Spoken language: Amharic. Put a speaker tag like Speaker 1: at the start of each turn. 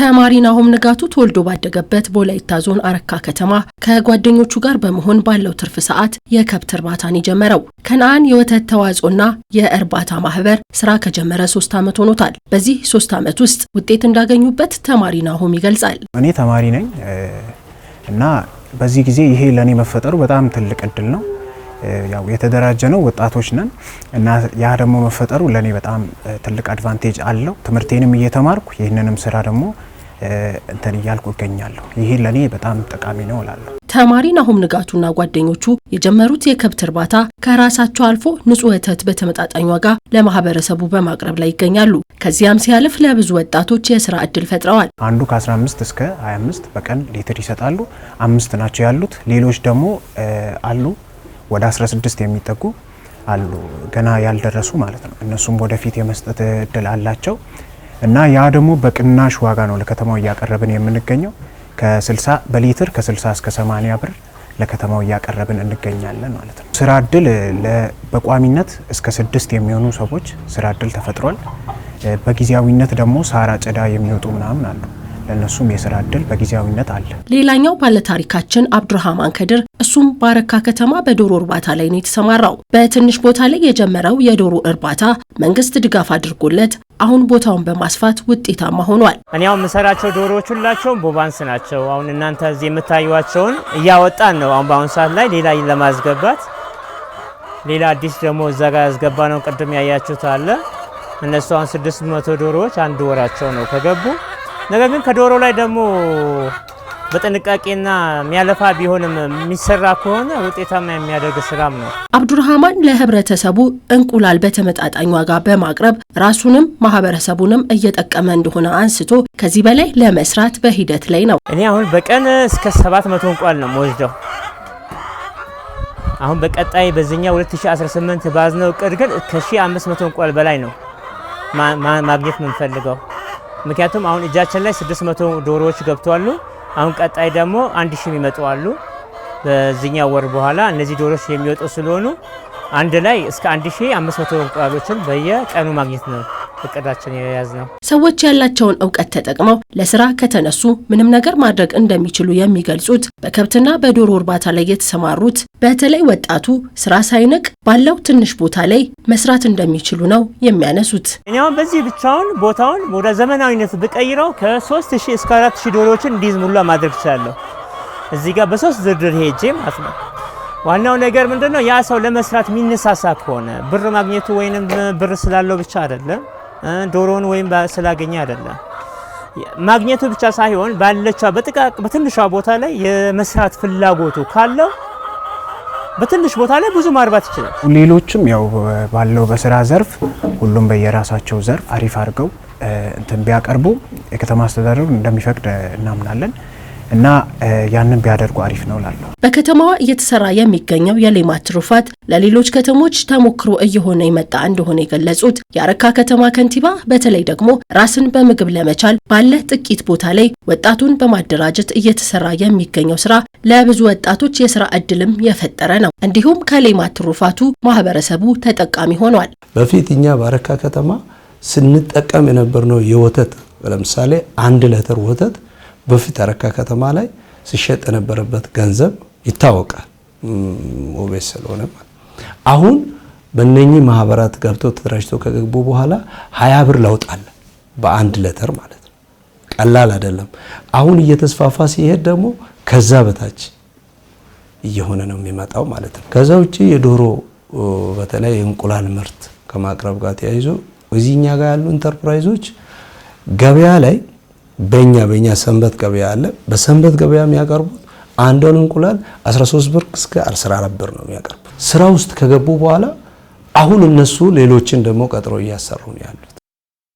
Speaker 1: ተማሪ ናሆም ንጋቱ ተወልዶ ባደገበት በወላይታ ዞን አረካ ከተማ ከጓደኞቹ ጋር በመሆን ባለው ትርፍ ሰዓት የከብት እርባታን የጀመረው ከነአን የወተት ተዋጽኦና የእርባታ ማህበር ስራ ከጀመረ ሶስት ዓመት ሆኖታል። በዚህ ሶስት ዓመት ውስጥ ውጤት እንዳገኙበት ተማሪ ናሆም ይገልጻል።
Speaker 2: እኔ ተማሪ ነኝ እና በዚህ ጊዜ ይሄ ለእኔ መፈጠሩ በጣም ትልቅ እድል ነው። ያው የተደራጀ ነው፣ ወጣቶች ነን እና ያ ደግሞ መፈጠሩ ለእኔ በጣም ትልቅ አድቫንቴጅ አለው። ትምህርቴንም እየተማርኩ ይህንንም ስራ ደግሞ እንትን እያልኩ እገኛለሁ። ይሄ ለእኔ በጣም ጠቃሚ ነው እላለሁ።
Speaker 1: ተማሪ ናሁም ንጋቱና ጓደኞቹ የጀመሩት የከብት እርባታ ከራሳቸው አልፎ ንጹህ ወተት በተመጣጣኝ ዋጋ ለማህበረሰቡ በማቅረብ ላይ ይገኛሉ። ከዚያም ሲያልፍ ለብዙ ወጣቶች የስራ እድል ፈጥረዋል።
Speaker 2: አንዱ ከ15 እስከ 25 በቀን ሊትር ይሰጣሉ። አምስት ናቸው ያሉት። ሌሎች ደግሞ አሉ ወደ 16 የሚጠጉ አሉ ገና ያልደረሱ ማለት ነው። እነሱም ወደፊት የመስጠት እድል አላቸው እና ያ ደግሞ በቅናሽ ዋጋ ነው ለከተማው እያቀረብን የምንገኘው ከ60 በሊትር ከ60 እስከ 80 ብር ለከተማው እያቀረብን እንገኛለን ማለት ነው። ስራ እድል በቋሚነት እስከ ስድስት የሚሆኑ ሰዎች ስራ እድል ተፈጥሯል። በጊዜያዊነት ደግሞ ሳር አጨዳ የሚወጡ ምናምን አሉ። ለእነሱም የስራ እድል በጊዜያዊነት አለ።
Speaker 1: ሌላኛው ባለታሪካችን አብዱርሃማን ከድር እሱም በአረካ ከተማ በዶሮ እርባታ ላይ ነው የተሰማራው። በትንሽ ቦታ ላይ የጀመረው የዶሮ እርባታ መንግስት ድጋፍ አድርጎለት አሁን ቦታውን በማስፋት ውጤታማ ሆኗል።
Speaker 3: እኔ አሁን የምሰራቸው ዶሮዎች ሁላቸውም ቦባንስ ናቸው። አሁን እናንተ እዚህ የምታዩቸውን እያወጣን ነው። አሁን በአሁኑ ሰዓት ላይ ሌላ ለማስገባት ሌላ አዲስ ደግሞ እዛ ጋር ያስገባ ነው። ቅድም ያያችሁት አለ እነሱ አሁን ስድስት መቶ ዶሮዎች አንድ ወራቸው ነው ከገቡ ነገር ግን ከዶሮ ላይ ደግሞ በጥንቃቄና የሚያለፋ ቢሆንም የሚሰራ ከሆነ ውጤታማ የሚያደርግ ስራም ነው።
Speaker 1: አብዱርሃማን ለህብረተሰቡ እንቁላል በተመጣጣኝ ዋጋ በማቅረብ ራሱንም ማህበረሰቡንም እየጠቀመ እንደሆነ አንስቶ ከዚህ በላይ ለመስራት በሂደት ላይ ነው።
Speaker 3: እኔ አሁን በቀን እስከ 700 መቶ እንቁላል ነው መወስደው። አሁን በቀጣይ በዚኛ 2018 ባዝነው እቅድ ግን ከ 1500 እንቁላል በላይ ነው ማግኘት የምንፈልገው። ምክንያቱም አሁን እጃችን ላይ 600 ዶሮዎች ገብተዋሉ። አሁን ቀጣይ ደግሞ አንድ ሺህ የሚመጡ አሉ። በዚህኛው ወር በኋላ እነዚህ ዶሮዎች የሚወጡ ስለሆኑ አንድ ላይ እስከ 1500 እንቁላሎችን በየቀኑ ማግኘት ነው እቅዳችን የያዝ ነው።
Speaker 1: ሰዎች ያላቸውን እውቀት ተጠቅመው ለስራ ከተነሱ ምንም ነገር ማድረግ እንደሚችሉ የሚገልጹት በከብትና በዶሮ እርባታ ላይ የተሰማሩት በተለይ ወጣቱ ስራ ሳይንቅ ባለው ትንሽ ቦታ ላይ መስራት እንደሚችሉ ነው የሚያነሱት።
Speaker 3: እኛውም በዚህ ብቻውን ቦታውን ወደ ዘመናዊነት ብቀይረው ከሶስት ሺህ እስከ 4 ሺህ ዶሮዎችን እንዲይዝ ሙሉ ማድረግ ይችላለሁ። እዚህ ጋር በሶስት ዝርዝር ሄጄ ማለት ነው። ዋናው ነገር ምንድነው? ያ ሰው ለመስራት የሚነሳሳ ከሆነ ብር ማግኘቱ ወይንም ብር ስላለው ብቻ አይደለም ዶሮን ወይም ስላገኘ አይደለም። ማግኘቱ ብቻ ሳይሆን ባለቻ በጥቃቅ በትንሿ ቦታ ላይ የመስራት ፍላጎቱ ካለው በትንሽ ቦታ ላይ ብዙ ማርባት ይችላል።
Speaker 2: ሌሎችም ያው ባለው በስራ ዘርፍ ሁሉም በየራሳቸው ዘርፍ አሪፍ አድርገው እንትን ቢያቀርቡ የከተማ አስተዳደሩ እንደሚፈቅድ እናምናለን። እና ያንን ቢያደርጉ አሪፍ ነው ላለሁ።
Speaker 1: በከተማዋ እየተሰራ የሚገኘው የሌማት ትሩፋት ለሌሎች ከተሞች ተሞክሮ እየሆነ የመጣ እንደሆነ የገለጹት የአረካ ከተማ ከንቲባ በተለይ ደግሞ ራስን በምግብ ለመቻል ባለ ጥቂት ቦታ ላይ ወጣቱን በማደራጀት እየተሰራ የሚገኘው ስራ ለብዙ ወጣቶች የስራ እድልም የፈጠረ ነው። እንዲሁም ከሌማት ትሩፋቱ ማህበረሰቡ ተጠቃሚ ሆኗል።
Speaker 4: በፊት እኛ በአረካ ከተማ ስንጠቀም የነበር ነው የወተት ለምሳሌ አንድ ሊትር ወተት በፊት አረካ ከተማ ላይ ሲሸጥ የነበረበት ገንዘብ ይታወቃል። ኦቤስ ስለሆነ አሁን በእነኚህ ማህበራት ገብተው ተደራጅቶ ከገቡ በኋላ ሀያ ብር ለውጥ አለ በአንድ ሌተር ማለት ነው። ቀላል አይደለም። አሁን እየተስፋፋ ሲሄድ ደግሞ ከዛ በታች እየሆነ ነው የሚመጣው ማለት ነው። ከዛ ውጭ የዶሮ በተለይ የእንቁላል ምርት ከማቅረብ ጋር ተያይዞ እዚህኛ ጋር ያሉ ኢንተርፕራይዞች ገበያ ላይ በእኛ በእኛ ሰንበት ገበያ አለ። በሰንበት ገበያ የሚያቀርቡት አንዷን እንቁላል 13 ብር እስከ 14 ብር ነው የሚያቀርቡት። ስራ ውስጥ ከገቡ በኋላ አሁን እነሱ ሌሎችን ደግሞ ቀጥሮ እያሰሩ ነው ያሉ